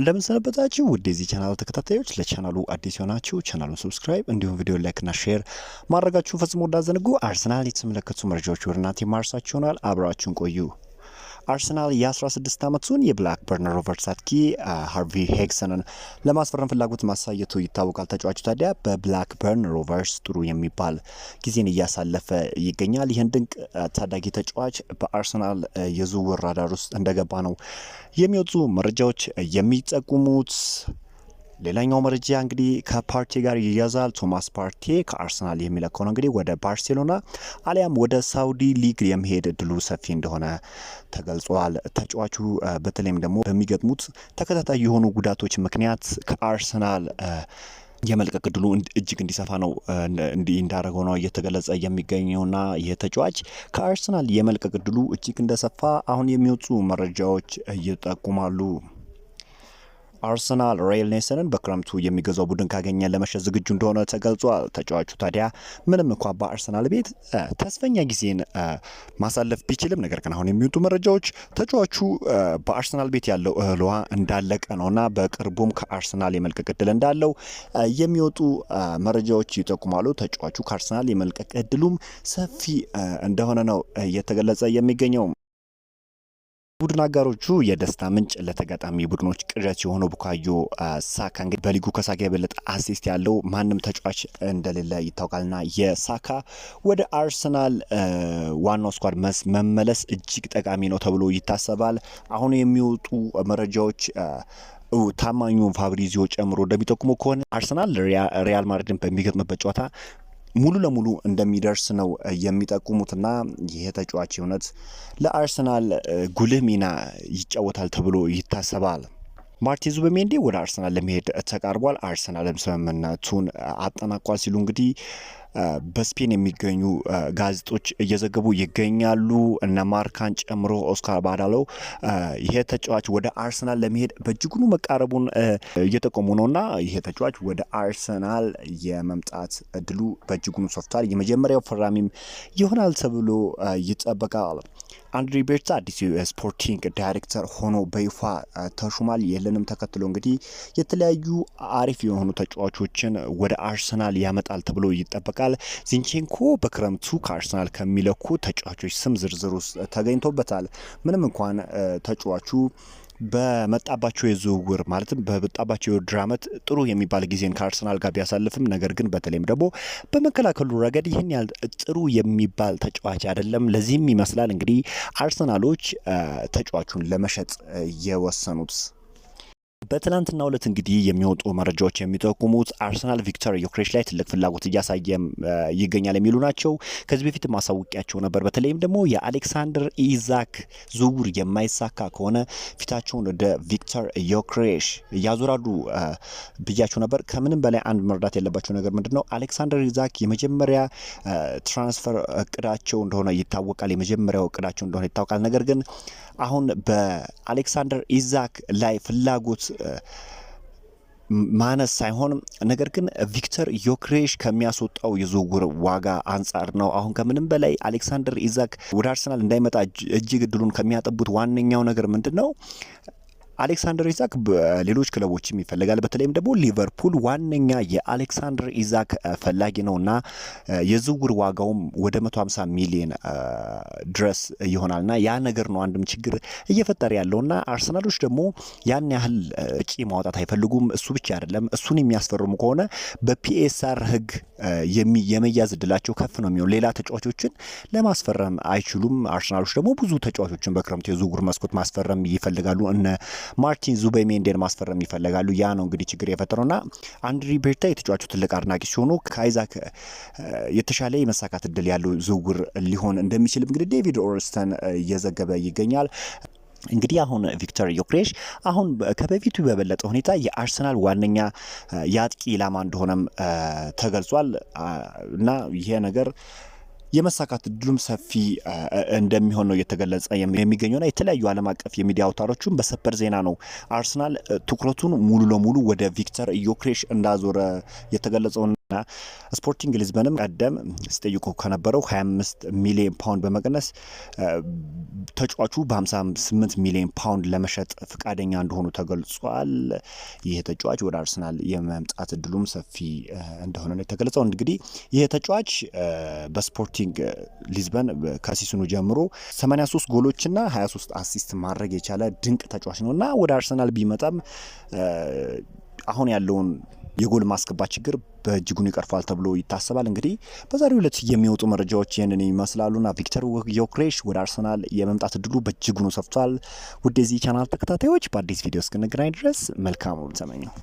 እንደምንሰነበታችሁ ውድ የዚህ ቻናል ተከታታዮች፣ ለቻናሉ አዲስ የሆናችሁ ቻናሉን ሰብስክራይብ እንዲሁም ቪዲዮ ላይክና ሼር ማድረጋችሁን ፈጽሞ እንዳዘንጉ። አርሰናል የተመለከቱ መረጃዎች ወደ እናንተ የማርሳችሁ ይሆናል። አብራችሁን ቆዩ። አርሰናል የ16 ዓመቱን የብላክበርን ሮቨርስ አጥቂ ሃርቪ ሄግሰንን ለማስፈረም ፍላጎት ማሳየቱ ይታወቃል። ተጫዋቹ ታዲያ በብላክበርን ሮቨርስ ጥሩ የሚባል ጊዜን እያሳለፈ ይገኛል። ይህን ድንቅ ታዳጊ ተጫዋች በአርሰናል የዝውውር ራዳር ውስጥ እንደገባ ነው የሚወጡ መረጃዎች የሚጠቁሙት። ሌላኛው መረጃ እንግዲህ ከፓርቲ ጋር ይያዛል። ቶማስ ፓርቲ ከአርሰናል የሚለከው ነው እንግዲህ ወደ ባርሴሎና አሊያም ወደ ሳውዲ ሊግ የመሄድ እድሉ ሰፊ እንደሆነ ተገልጿል። ተጫዋቹ በተለይም ደግሞ በሚገጥሙት ተከታታይ የሆኑ ጉዳቶች ምክንያት ከአርሰናል የመልቀቅ እድሉ እጅግ እንዲሰፋ ነው እንዳደረገው ነው እየተገለጸ የሚገኘውና ይህ ተጫዋች ከአርሰናል የመልቀቅ እድሉ እጅግ እንደሰፋ አሁን የሚወጡ መረጃዎች ይጠቁማሉ። አርሰናል ሬይል ኔሰንን በክረምቱ የሚገዛው ቡድን ካገኘ ለመሸጥ ዝግጁ እንደሆነ ተገልጿል። ተጫዋቹ ታዲያ ምንም እንኳ በአርሰናል ቤት ተስፈኛ ጊዜን ማሳለፍ ቢችልም፣ ነገር ግን አሁን የሚወጡ መረጃዎች ተጫዋቹ በአርሰናል ቤት ያለው ውሃ እንዳለቀ ነውና በቅርቡም ከአርሰናል የመልቀቅ እድል እንዳለው የሚወጡ መረጃዎች ይጠቁማሉ። ተጫዋቹ ከአርሰናል የመልቀቅ እድሉም ሰፊ እንደሆነ ነው እየተገለጸ የሚገኘው። ቡድን አጋሮቹ የደስታ ምንጭ ለተጋጣሚ ቡድኖች ቅዠት የሆነው ቡካዮ ሳካ እንግዲህ በሊጉ ከሳካ የበለጠ አሲስት ያለው ማንም ተጫዋች እንደሌለ ይታወቃልና የሳካ ወደ አርሰናል ዋናው ስኳድ መመለስ እጅግ ጠቃሚ ነው ተብሎ ይታሰባል። አሁን የሚወጡ መረጃዎች ታማኙ ፋብሪዚዮ ጨምሮ እንደሚጠቁሙ ከሆነ አርሰናል ሪያል ማድሪድን በሚገጥምበት ጨዋታ ሙሉ ለሙሉ እንደሚደርስ ነው የሚጠቁሙትና ይህ ተጫዋች እውነት ለአርሰናል ጉልህ ሚና ይጫወታል ተብሎ ይታሰባል። ማርቲን ዙቢሜንዲ ወደ አርሰናል ለመሄድ ተቃርቧል። አርሰናልም ስምምነቱን አጠናቋል ሲሉ እንግዲህ በስፔን የሚገኙ ጋዜጦች እየዘገቡ ይገኛሉ። እነ ማርካን ጨምሮ ኦስካር ባዳለው ይሄ ተጫዋች ወደ አርሰናል ለመሄድ በእጅጉኑ መቃረቡን እየጠቆሙ ነውና ይሄ ተጫዋች ወደ አርሰናል የመምጣት እድሉ በእጅጉኑ ሰፍቷል። የመጀመሪያው ፈራሚም ይሆናል ተብሎ ይጠበቃል። አንድሪ ቤርታ አዲሱ ስፖርቲንግ ዳይሬክተር ሆኖ በይፋ ተሹማል። ይህንንም ተከትሎ እንግዲህ የተለያዩ አሪፍ የሆኑ ተጫዋቾችን ወደ አርሰናል ያመጣል ተብሎ ይጠበቃል። ዚንቼንኮ በክረምቱ ከአርሰናል ከሚለኩ ተጫዋቾች ስም ዝርዝር ውስጥ ተገኝቶበታል። ምንም እንኳን ተጫዋቹ በመጣባቸው የዝውውር ማለትም በመጣባቸው የውድድር ዓመት ጥሩ የሚባል ጊዜን ከአርሰናል ጋር ቢያሳልፍም ነገር ግን በተለይም ደግሞ በመከላከሉ ረገድ ይህን ያህል ጥሩ የሚባል ተጫዋች አይደለም። ለዚህም ይመስላል እንግዲህ አርሰናሎች ተጫዋቹን ለመሸጥ የወሰኑት። በትላንትና ሁለት እንግዲህ የሚወጡ መረጃዎች የሚጠቁሙት አርሰናል ቪክተር ዮክሬሽ ላይ ትልቅ ፍላጎት እያሳየ ይገኛል የሚሉ ናቸው። ከዚህ በፊት ማሳወቂያቸው ነበር። በተለይም ደግሞ የአሌክሳንደር ኢዛክ ዝውውር የማይሳካ ከሆነ ፊታቸውን ወደ ቪክተር ዮክሬሽ እያዞራሉ ብያቸው ነበር። ከምንም በላይ አንድ መርዳት ያለባቸው ነገር ምንድን ነው? አሌክሳንደር ኢዛክ የመጀመሪያ ትራንስፈር እቅዳቸው እንደሆነ ይታወቃል። የመጀመሪያው እቅዳቸው እንደሆነ ይታወቃል። ነገር ግን አሁን በአሌክሳንደር ኢዛክ ላይ ፍላጎት ማነስ ሳይሆን ነገር ግን ቪክተር ዮክሬሽ ከሚያስወጣው የዝውውር ዋጋ አንጻር ነው። አሁን ከምንም በላይ አሌክሳንደር ኢዛክ ወደ አርሰናል እንዳይመጣ እጅግ እድሉን ከሚያጠቡት ዋነኛው ነገር ምንድን ነው? አሌክሳንደር ኢዛክ በሌሎች ክለቦችም ይፈልጋል። በተለይም ደግሞ ሊቨርፑል ዋነኛ የአሌክሳንደር ኢዛክ ፈላጊ እና የዝውውር ዋጋውም ወደ 150 ሚሊዮን ድረስ እና ያ ነገር ነው አንድም ችግር እየፈጠረ እና አርሰናሎች ደግሞ ያን ያህል እቂ ማውጣት አይፈልጉም። እሱ ብቻ አይደለም፣ እሱን የሚያስፈርሙ ከሆነ በፒኤስአር ህግ የመያዝ እድላቸው ከፍ ነው የሚሆን ሌላ ተጫዋቾችን ለማስፈረም አይችሉም። አርሰናሎች ደግሞ ብዙ ተጫዋቾችን በክረምት የዝውውር መስኮት ማስፈረም ይፈልጋሉ። እነ ማርቲን ዙቤሜንዴን ማስፈረም ይፈልጋሉ ያ ነው እንግዲህ ችግር የፈጠረውና አንድሪ ቤርታ የተጫዋቹ ትልቅ አድናቂ ሲሆኑ ከአይዛክ የተሻለ የመሳካት እድል ያለው ዝውውር ሊሆን እንደሚችልም እንግዲህ ዴቪድ ኦርስተን እየዘገበ ይገኛል። እንግዲህ አሁን ቪክተር ዮክሬሽ አሁን ከበፊቱ በበለጠ ሁኔታ የአርሰናል ዋነኛ የአጥቂ ኢላማ እንደሆነም ተገልጿል እና ይሄ ነገር የመሳካት እድሉም ሰፊ እንደሚሆን ነው እየተገለጸ የሚገኘውና የተለያዩ ዓለም አቀፍ የሚዲያ አውታሮችም በሰበር ዜና ነው አርሰናል ትኩረቱን ሙሉ ለሙሉ ወደ ቪክተር ዮክሬሽ እንዳዞረ የተገለጸውን ስፖርቲንግ ሊዝበንም ቀደም ሲጠይቁ ከነበረው 25 ሚሊዮን ፓውንድ በመቀነስ ተጫዋቹ በ58 ሚሊዮን ፓውንድ ለመሸጥ ፈቃደኛ እንደሆኑ ተገልጿል። ይህ ተጫዋች ወደ አርሰናል የመምጣት እድሉም ሰፊ እንደሆነ ነው የተገለጸው። እንግዲህ ይህ ተጫዋች በስፖርቲንግ ሊዝበን ከሲስኑ ጀምሮ 83 ጎሎችና 23 አሲስት ማድረግ የቻለ ድንቅ ተጫዋች ነው እና ወደ አርሰናል ቢመጣም አሁን ያለውን የጎል ማስገባት ችግር በእጅጉን ይቀርፋል ተብሎ ይታሰባል። እንግዲህ በዛሬው ዕለት የሚወጡ መረጃዎች ይህንን ይመስላሉና ቪክተር ዮክሬሽ ወደ አርሰናል የመምጣት እድሉ በእጅጉኑ ሰፍቷል። ውድ የዚህ ቻናል ተከታታዮች በአዲስ ቪዲዮ እስክንገናኝ ድረስ መልካሙን ተመኘው።